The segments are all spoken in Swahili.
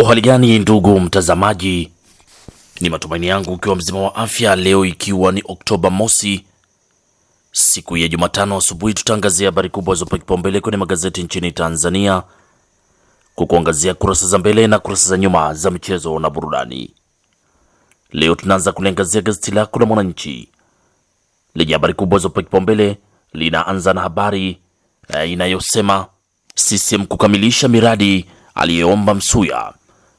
Oh, hali gani ndugu mtazamaji, ni matumaini yangu ukiwa mzima wa afya leo, ikiwa ni Oktoba mosi, siku ya Jumatano asubuhi, tutaangazia habari kubwa zopa kipaumbele kwenye magazeti nchini Tanzania, kwa kuangazia kurasa za mbele na kurasa za nyuma za michezo na burudani. Leo tunaanza kuliangazia gazeti lako la Mwananchi lenye habari kubwa zopa kipaumbele, linaanza na habari eh, inayosema CCM kukamilisha miradi aliyeomba Msuya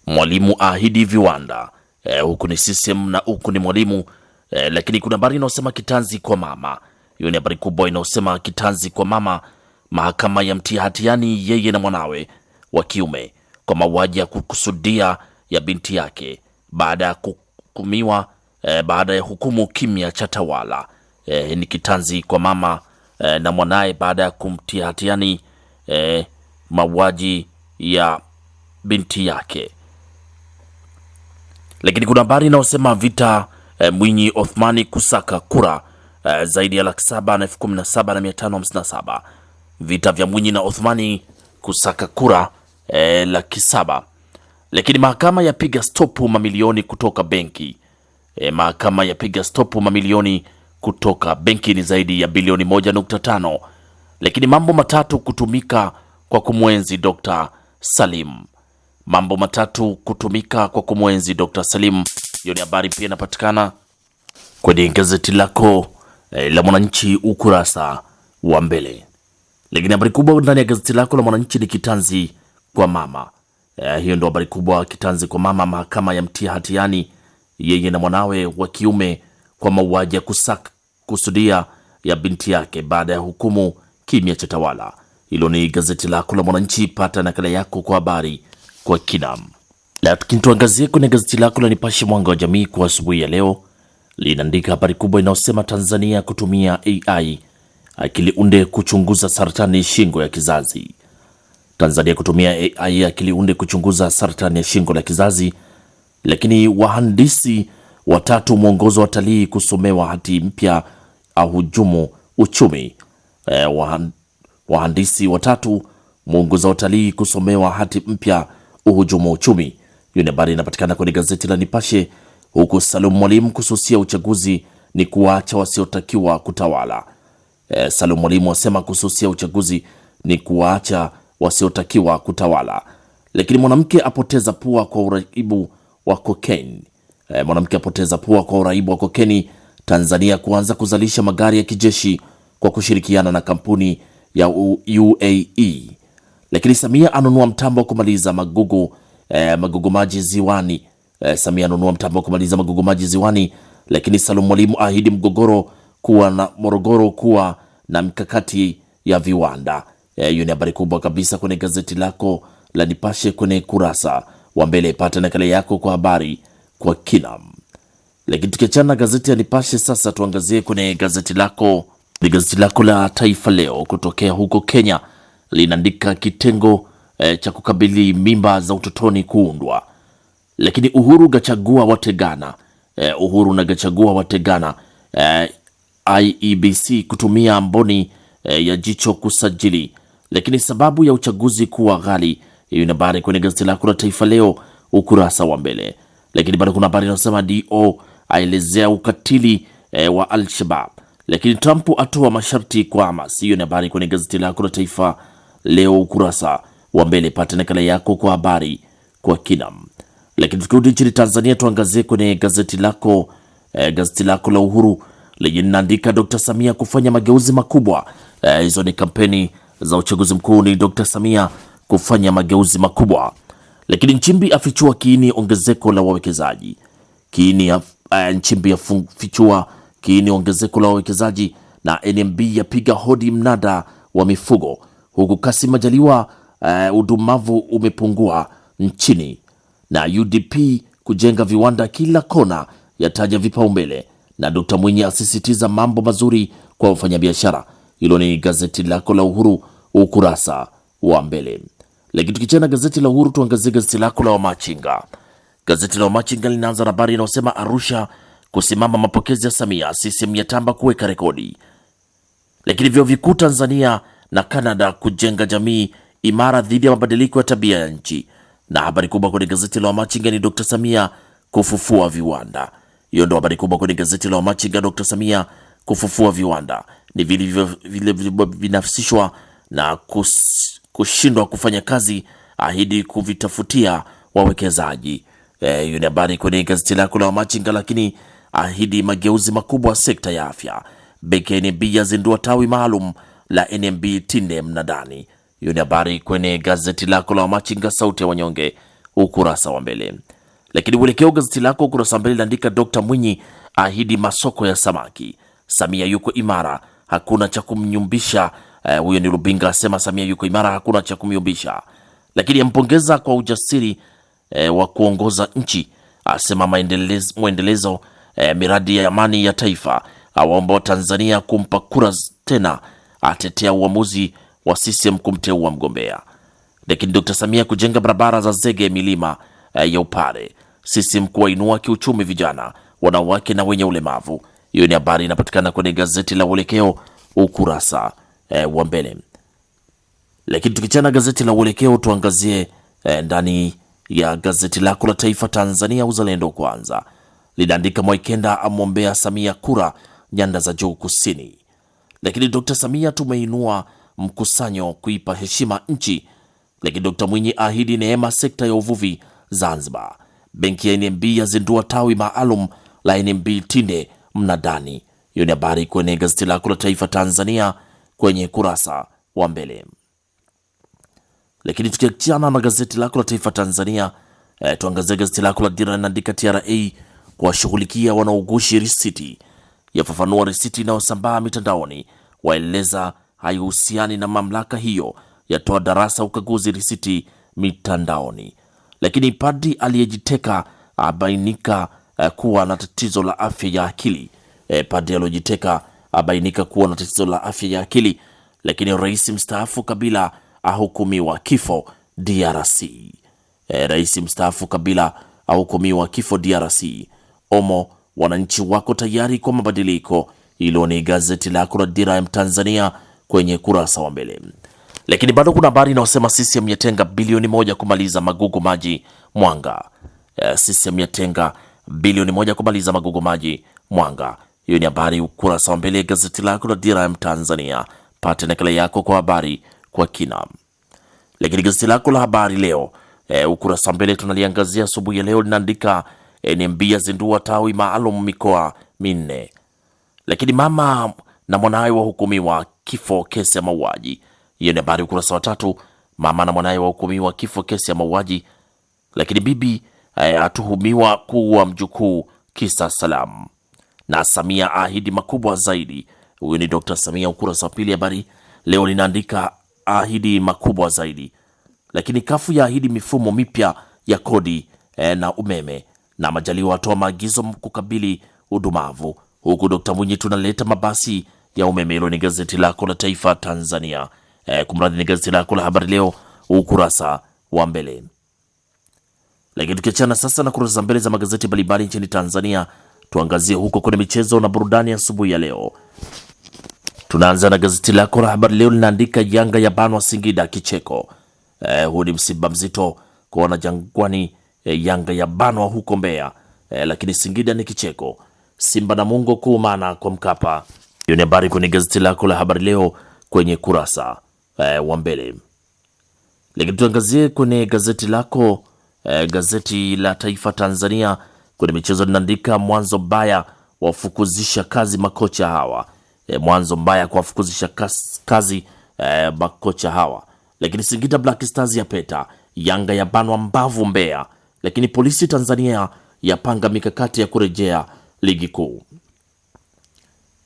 Mwalimu ahidi viwanda e, huku ni system na huku ni mwalimu e, lakini kuna habari inayosema kitanzi kwa mama. Hiyo ni habari kubwa inayosema kitanzi kwa mama. Mahakama ya mtia hatiani yeye na mwanawe wa kiume kwa mauaji ya kukusudia ya binti yake baada ya kukumiwa e, baada ya hukumu kimya cha tawala e, ni kitanzi kwa mama e, na mwanaye baada ya kumtia hatiani e, mauaji ya binti yake. Lakini kuna habari inayosema vita e, Mwinyi Othmani kusaka kura e, zaidi ya laki saba na elfu kumi na saba na mia tano hamsini na saba. Vita vya Mwinyi na Othmani kusaka kura e, laki saba. Lakini mahakama yapiga stopu mamilioni kutoka benki e, mahakama yapiga stopu mamilioni kutoka benki ni zaidi ya bilioni 1.5. Lakini mambo matatu kutumika kwa kumwenzi Dr. Salim mambo matatu kutumika kwa kumwenzi Dr. Salim. Hiyo ni habari pia inapatikana kwenye gazeti lako eh, la Mwananchi ukurasa wa mbele. Lakini habari kubwa ndani ya gazeti lako la Mwananchi ni kitanzi kwa mama eh, hiyo ndio habari kubwa, kitanzi kwa mama. Mahakama ya mtia hatiani yeye na mwanawe wa kiume kwa mauaji ya kusak kusudia ya binti yake baada ya hukumu kimya cha tawala. Hilo ni gazeti lako la Mwananchi, pata nakala yako kwa habari kwa kina. Lakini tuangazie kwenye gazeti lako la Nipashe Mwanga wa Jamii kwa asubuhi ya leo, linaandika habari kubwa inayosema Tanzania kutumia AI akili unde kuchunguza saratani shingo ya kizazi. Tanzania kutumia AI akili unde kuchunguza saratani ya shingo la kizazi. Lakini wahandisi watatu mwongozo watalii kusomewa hati mpya ahujumu uchumi. Eh, wahandisi watatu mwongozo watalii kusomewa hati mpya uhujumu wa uchumi. Hiyo ni habari inapatikana kwenye gazeti la Nipashe, huku Salum Mwalimu kususia uchaguzi ni kuwaacha wasiotakiwa kutawala. E, Salum Mwalimu asema kususia uchaguzi ni kuwaacha wasiotakiwa kutawala. Lakini mwanamke apoteza pua kwa uraibu wa kokeni. E, mwanamke apoteza pua kwa uraibu wa kokeni. Tanzania kuanza kuzalisha magari ya kijeshi kwa kushirikiana na kampuni ya UAE. Lakini Samia anunua mtambo wa kumaliza magugu, eh, magugu maji ziwani. Eh, Samia anunua mtambo wa kumaliza magugu maji ziwani. Lakini Salum Mwalimu ahidi mgogoro kuwa na Morogoro kuwa na mkakati ya viwanda. Eh, hiyo eh, ni habari kubwa kabisa kwenye gazeti lako la Nipashe kwenye kurasa wa mbele. Pata nakala yako kwa habari kwa kina. Lakini tukiachana na gazeti ya Nipashe sasa tuangazie kwenye gazeti lako ni gazeti lako la Taifa Leo kutokea huko Kenya linaandika kitengo eh, cha kukabili mimba za utotoni kuundwa, lakini Uhuru Gachagua wategana eh, Uhuru na Gachagua wategana eh, IEBC kutumia mboni eh, ya jicho kusajili, lakini sababu ya uchaguzi kuwa ghali. Hiyo ni habari kwenye gazeti lako la Taifa Leo ukurasa wa mbele, lakini bado kuna habari inasema DO aelezea ukatili eh, wa Al-Shabab, lakini Trump atoa masharti kwa Hamas. Hiyo ni habari kwenye gazeti lako la Taifa leo ukurasa wa mbele, pata nakala yako kwa habari kwa kina. Lakini tukirudi nchini Tanzania, tuangazie kwenye gazeti lako eh, gazeti lako la Uhuru lenye linaandika Dr. Samia kufanya mageuzi makubwa. Eh, hizo eh, ni kampeni za uchaguzi mkuu, ni Dr. Samia kufanya mageuzi makubwa. Lakini Nchimbi afichua kiini ongezeko la wawekezaji kiini af, eh, Nchimbi afichua kiini ongezeko la wawekezaji na NMB yapiga hodi mnada wa mifugo huku Kassim Majaliwa uh, udumavu umepungua nchini, na UDP kujenga viwanda kila kona yataja vipaumbele, na Dkt Mwinyi asisitiza mambo mazuri kwa wafanyabiashara. Hilo ni gazeti lako la Uhuru ukurasa wa mbele. Lakini tukichana gazeti la Uhuru, tuangazie gazeti lako la Wamachinga. Gazeti la Wamachinga linaanza na habari inayosema Arusha kusimama mapokezi ya Samia, sisi yatamba kuweka rekodi. Lakini vyo vikuu Tanzania na Canada kujenga jamii imara dhidi ya mabadiliko ya tabia ya nchi. Na habari kubwa kwenye gazeti la Wamachinga ni Dr. Samia kufufua viwanda. Hiyo ndio habari kubwa kwenye gazeti la Wamachinga, Dr. Samia kufufua viwanda ni vile vinafsishwa na kushindwa kufanya kazi, ahidi kuvitafutia wawekezaji. Eh, hiyo e, ni habari kwenye gazeti lako la Wamachinga, lakini ahidi mageuzi makubwa sekta ya afya. BKNB yazindua tawi maalum la NMB Tinde mnadani. Hiyo ni habari kwenye gazeti lako la Wamachinga sauti ya wanyonge ukurasa wa mbele. Lakini uelekeo gazeti lako ukurasa wa mbele laandika Dr. Mwinyi ahidi masoko ya samaki. Samia yuko imara, hakuna cha kumnyumbisha. Eh, huyo uh, ni Rubinga asema Samia yuko imara, hakuna cha kumnyumbisha. Lakini ampongeza kwa ujasiri uh, wa kuongoza nchi, asema mwendelezo uh, miradi ya amani ya taifa, awaomba Tanzania kumpa kura tena atetea uamuzi wa CCM kumteua mgombea. Lakini Dr. Samia kujenga barabara za zege milima eh, ya Upare, CCM kuwainua kiuchumi vijana, wanawake na wenye ulemavu. Hiyo ni habari inapatikana kwenye gazeti la Uelekeo ukurasa e, wa mbele. Lakini tukichana gazeti la Uelekeo tuangazie e, ndani ya gazeti lako la Taifa Tanzania Uzalendo kwanza linaandika Mwaikenda amwombea Samia kura nyanda za juu kusini. Lakini Dr. Samia tumeinua mkusanyo kuipa heshima nchi. Lakini Dr. Mwinyi ahidi neema sekta ya uvuvi Zanzibar. Benki ya NMB yazindua tawi maalum la NMB Tinde mnadani. Hiyo ni habari kwenye gazeti lako la Taifa Tanzania kwenye kurasa wa mbele. Lakini tukiachana na gazeti lako la Taifa Tanzania eh, tuangazie gazeti lako la Dira linaandika TRA kuwashughulikia wanaogushi risiti yafafanua risiti inayosambaa mitandaoni, waeleza haihusiani na mamlaka hiyo, yatoa darasa ukaguzi risiti mitandaoni. Lakini padri aliyejiteka abainika eh, kuwa na tatizo la afya ya akili. E, padri aliyojiteka abainika kuwa na tatizo la afya ya akili. Lakini rais mstaafu Kabila ahukumiwa kifo DRC. E, eh, rais mstaafu Kabila ahukumiwa kifo DRC. Omo wananchi wako tayari kwa mabadiliko. Hilo ni gazeti lako la Dira ya Mtanzania kwenye kurasa wa mbele. Lakini bado kuna habari inayosema CCM yatenga bilioni moja kumaliza magugu maji Mwanga. CCM eh, yatenga bilioni moja kumaliza magugu maji Mwanga. Hiyo ni habari ukurasa wa mbele ya gazeti lako la Dira ya Mtanzania. Pate nakala yako kwa habari kwa kina. Lakini gazeti lako la habari leo e, ukurasa wa mbele tunaliangazia asubuhi ya leo linaandika NMB yazindua tawi maalum mikoa minne. Lakini mama na mwanawe wahukumiwa kifo kesi ya mauaji. Hiyo ni habari ukurasa wa tatu. Mama na mwanawe wahukumiwa kifo kesi ya mauaji, lakini bibi eh, atuhumiwa kuwa mjukuu kisa salamu, na Samia ahidi makubwa zaidi. Huyu ni Dr. Samia. Ukurasa wa pili habari leo linaandika ahidi makubwa zaidi, lakini kafu ya ahidi mifumo mipya ya kodi eh, na umeme na Majaliwa atoa maagizo kukabili udumavu, huku Dr Mwinyi tunaleta mabasi ya umeme. Hilo ni gazeti lako la Taifa Tanzania. E, kumradhi, ni gazeti lako la Habari Leo ukurasa wa mbele. Lakini tukiachana sasa na kurasa za mbele za magazeti mbalimbali nchini Tanzania, tuangazie huko kwenye michezo na burudani asubuhi ya, ya leo. Tunaanza na gazeti lako la Habari Leo linaandika Yanga ya banwa Singida kicheko. E, huu ni msiba mzito kwa wanajangwani e, Yanga ya banwa huko Mbeya e, lakini Singida ni kicheko. Simba na Mungu kuu maana kwa Mkapa. Hiyo ni habari kwenye gazeti lako la habari leo kwenye kurasa e, wa mbele, lakini tuangazie kwenye gazeti lako e, gazeti la Taifa Tanzania kwenye michezo linaandika mwanzo mbaya wafukuzisha kazi makocha hawa e, mwanzo mbaya kuwafukuzisha kazi e, makocha hawa. Lakini Singida Black Stars ya peta Yanga ya banwa mbavu Mbeya lakini polisi Tanzania yapanga mikakati ya kurejea ligi kuu.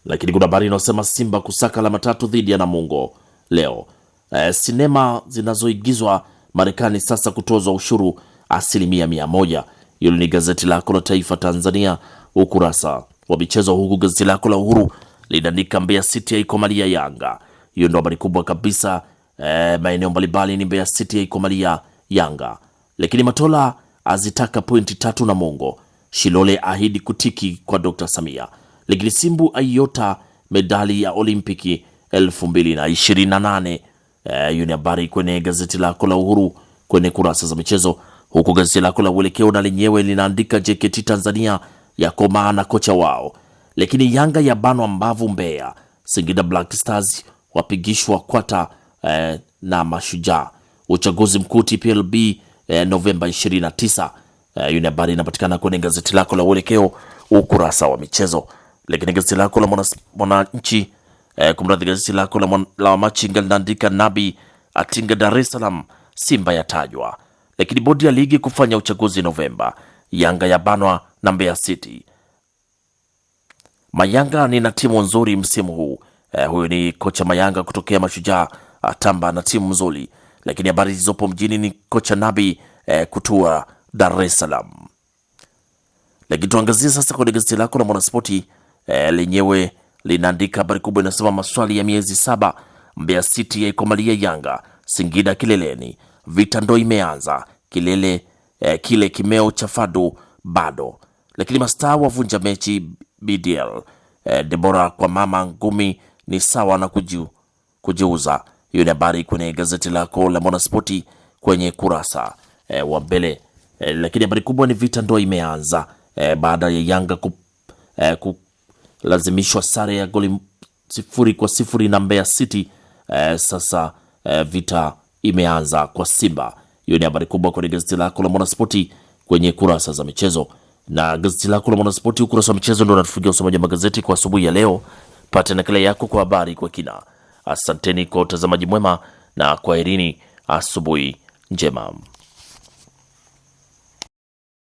Lakini kuna habari inayosema Simba kusaka alama tatu dhidi ya Namungo leo. E, sinema zinazoigizwa Marekani sasa kutozwa ushuru asilimia mia moja. Hilo ni gazeti lako la Taifa Tanzania ukurasa wa michezo, huku gazeti lako la Uhuru linaandika Mbeya City yaikomalia Yanga. Hiyo ndio habari kubwa kabisa. E, maeneo mbalimbali ni Mbeya City yaikomalia Yanga, lakini Matola azitaka pointi tatu na Mongo. Shilole ahidi kutiki kwa Dr. Samia. Ligili Simbu aiota medali ya Olimpiki 2028. Eh, hiyo eh, ni habari kwenye gazeti lako la Uhuru kwenye kurasa za michezo, huku gazeti lako la Uelekeo na lenyewe linaandika JKT Tanzania koma na kocha wao, lakini Yanga ya bano mbavu Mbeya. Singida Black Stars wapigishwa kwata eh, na Mashujaa. Uchaguzi mkuu TPLB eh, Novemba 29. Eh, hiyo ni habari inapatikana kwenye gazeti lako la Uelekeo ukurasa wa michezo. Lakini gazeti lako la Mwananchi eh, kumradhi, gazeti lako la, mwana, la Machinga linaandika Nabi atinga Dar es Salaam, Simba yatajwa. Lakini bodi ya ligi kufanya uchaguzi Novemba, Yanga yabanwa na Mbeya City. Mayanga ni na timu nzuri msimu huu. Eh, huyu ni kocha Mayanga kutokea Mashujaa atamba na timu nzuri lakini habari zilizopo mjini ni kocha Nabi eh, kutua Dar es Salaam. Lakini tuangazie sasa kwenye gazeti lako la Mwanaspoti eh, lenyewe linaandika habari kubwa inasema, maswali ya miezi saba, Mbeya City yaikomalia Yanga, Singida kileleni, vita ndo imeanza kilele, eh, kile kimeo cha Fadu bado lakini mastaa wavunja mechi BDL. Eh, Debora kwa mama ngumi ni sawa na kujiuza kujiuza hiyo ni habari kwenye gazeti lako la Mwanaspoti kwenye kurasa e, wa mbele e, lakini habari kubwa ni vita ndo imeanza e, baada ya Yanga ku, e, kulazimishwa sare ya goli sifuri kwa sifuri na Mbeya City e, sasa e, vita imeanza kwa Simba. Hiyo ni habari kubwa kwenye gazeti lako la Mwanaspoti kwenye kurasa za michezo na gazeti lako la Mwanaspoti ukurasa wa michezo ndo unatufungia usomaji wa magazeti kwa asubuhi ya leo. Pata nakala yako kwa habari kwa kina. Asanteni kwa utazamaji mwema na kwaherini, asubuhi njema.